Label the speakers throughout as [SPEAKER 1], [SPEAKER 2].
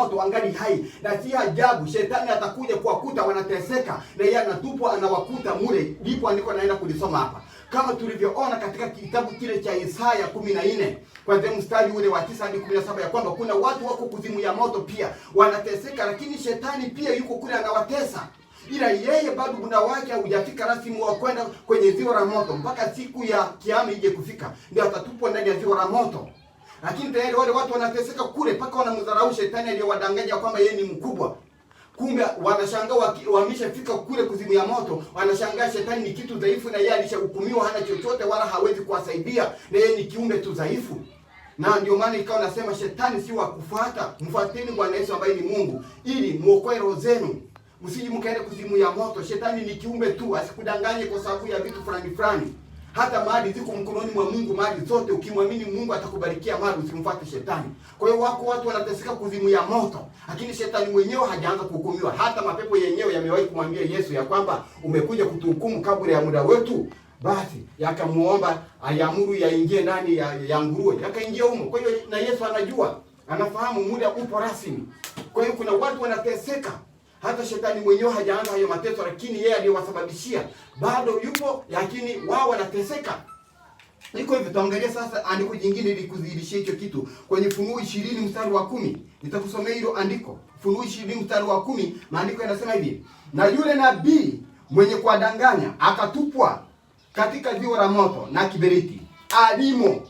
[SPEAKER 1] watu angali hai, na si ajabu shetani atakuja kuwakuta wanateseka, na yeye anatupwa anawakuta mure. Ndipo andiko naenda kulisoma hapa kama tulivyoona katika kitabu kile cha Isaya 14 na nne kwanzia mstari ule wa 9 hadi 17 ya kwamba kuna watu wako kuzimu ya moto pia wanateseka, lakini shetani pia yuko kule anawatesa ila yeye bado muda wake haujafika rasmi wa kwenda kwenye ziwa la moto, mpaka siku ya kiama ije kufika, ndio atatupwa ndani ya ziwa la moto. Lakini tayari wale watu wanateseka kule mpaka wanamdharau shetani aliyowadanganya kwamba yeye ni mkubwa. Kumbe wanashangaa wameshafika kule kuzimu ya moto, wanashangaa shetani ni kitu dhaifu, na yeye alishahukumiwa, hana chochote wala hawezi kuwasaidia, na yeye ni kiumbe tu dhaifu. Na ndio maana ikawa nasema shetani si wa kufuata, mfuateni Bwana Yesu ambaye ni Mungu ili muokoe roho zenu, msije mkaenda kuzimu ya moto. Shetani ni kiumbe tu, asikudanganye kwa sababu ya vitu fulani fulani hata mali ziko mkononi mwa Mungu, mali zote. Ukimwamini Mungu atakubarikia mali, usimfuate shetani. Kwa hiyo wako watu wanateseka kuzimu ya moto, lakini shetani mwenyewe hajaanza kuhukumiwa. Hata mapepo yenyewe yamewahi kumwambia Yesu ya kwamba umekuja kutuhukumu kabla ya muda wetu, basi yakamuomba ayamuru yaingie ndani ya, ya nguruwe, yakaingia humo. Kwa hiyo na Yesu anajua, anafahamu muda upo rasmi. Kwa hiyo kuna watu wanateseka hata shetani mwenyewe hajaanza hayo mateso, lakini yeye aliyowasababishia bado yupo, lakini wao wanateseka. Iko hivyo, tuangalie sasa andiko jingine ili kuzidishia hicho kitu kwenye Funuo ishirini mstari wa kumi. Nitakusomea hilo andiko, Funuo ishirini mstari wa kumi. Maandiko yanasema hivi, na yule nabii mwenye kuwadanganya akatupwa katika ziwa la moto na kiberiti alimo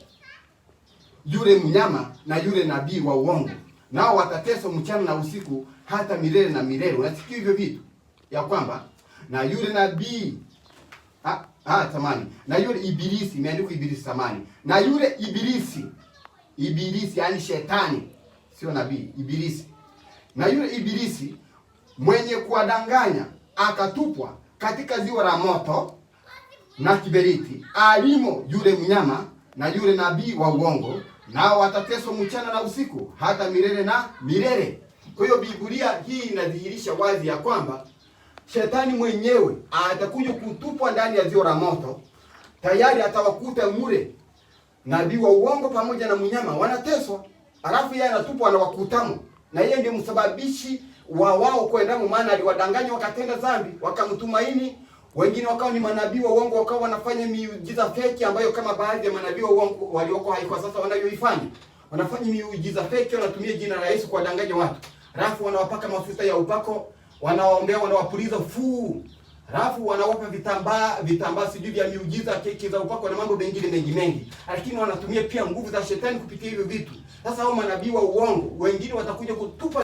[SPEAKER 1] yule mnyama na yule nabii wa uongo nao watateswa mchana na usiku hata milele na milele. Unasikia hivyo vitu ya kwamba na yule nabii ha, ha tamani na yule ibilisi, imeandikwa ibilisi tamani, na yule ibilisi, ibilisi yani shetani, sio nabii, ibilisi, na yule ibilisi mwenye kuwadanganya akatupwa katika ziwa la moto na kiberiti alimo yule mnyama na yule nabii wa uongo nao watateswa mchana na usiku hata milele na milele. Kwa hiyo Biblia hii inadhihirisha wazi ya kwamba shetani mwenyewe atakuja kutupwa ndani ya ziwa la moto. Tayari atawakuta mure nabii wa uongo pamoja na mnyama wanateswa, alafu yeye anatupwa, anawakutamo, na yeye ndiye msababishi wa wao kwendamo, maana aliwadanganya wakatenda dhambi, wakamtumaini wengine wakawa ni manabii wa uongo, wakawa wanafanya miujiza feki ambayo kama baadhi ya manabii wa uongo walioko hai kwa sasa wanayoifanya. Wanafanya miujiza feki, wanatumia jina la Yesu kuwadanganya watu, alafu wanawapaka mafuta ya upako, wanawaombea, wanawapuliza fuu, alafu wanawapa vitambaa vitambaa sijui vya miujiza, keki za upako na mambo mengine mengi mengi, lakini wanatumia pia nguvu za shetani kupitia hivyo vitu. Sasa hao manabii wa uongo wengine watakuja kutupa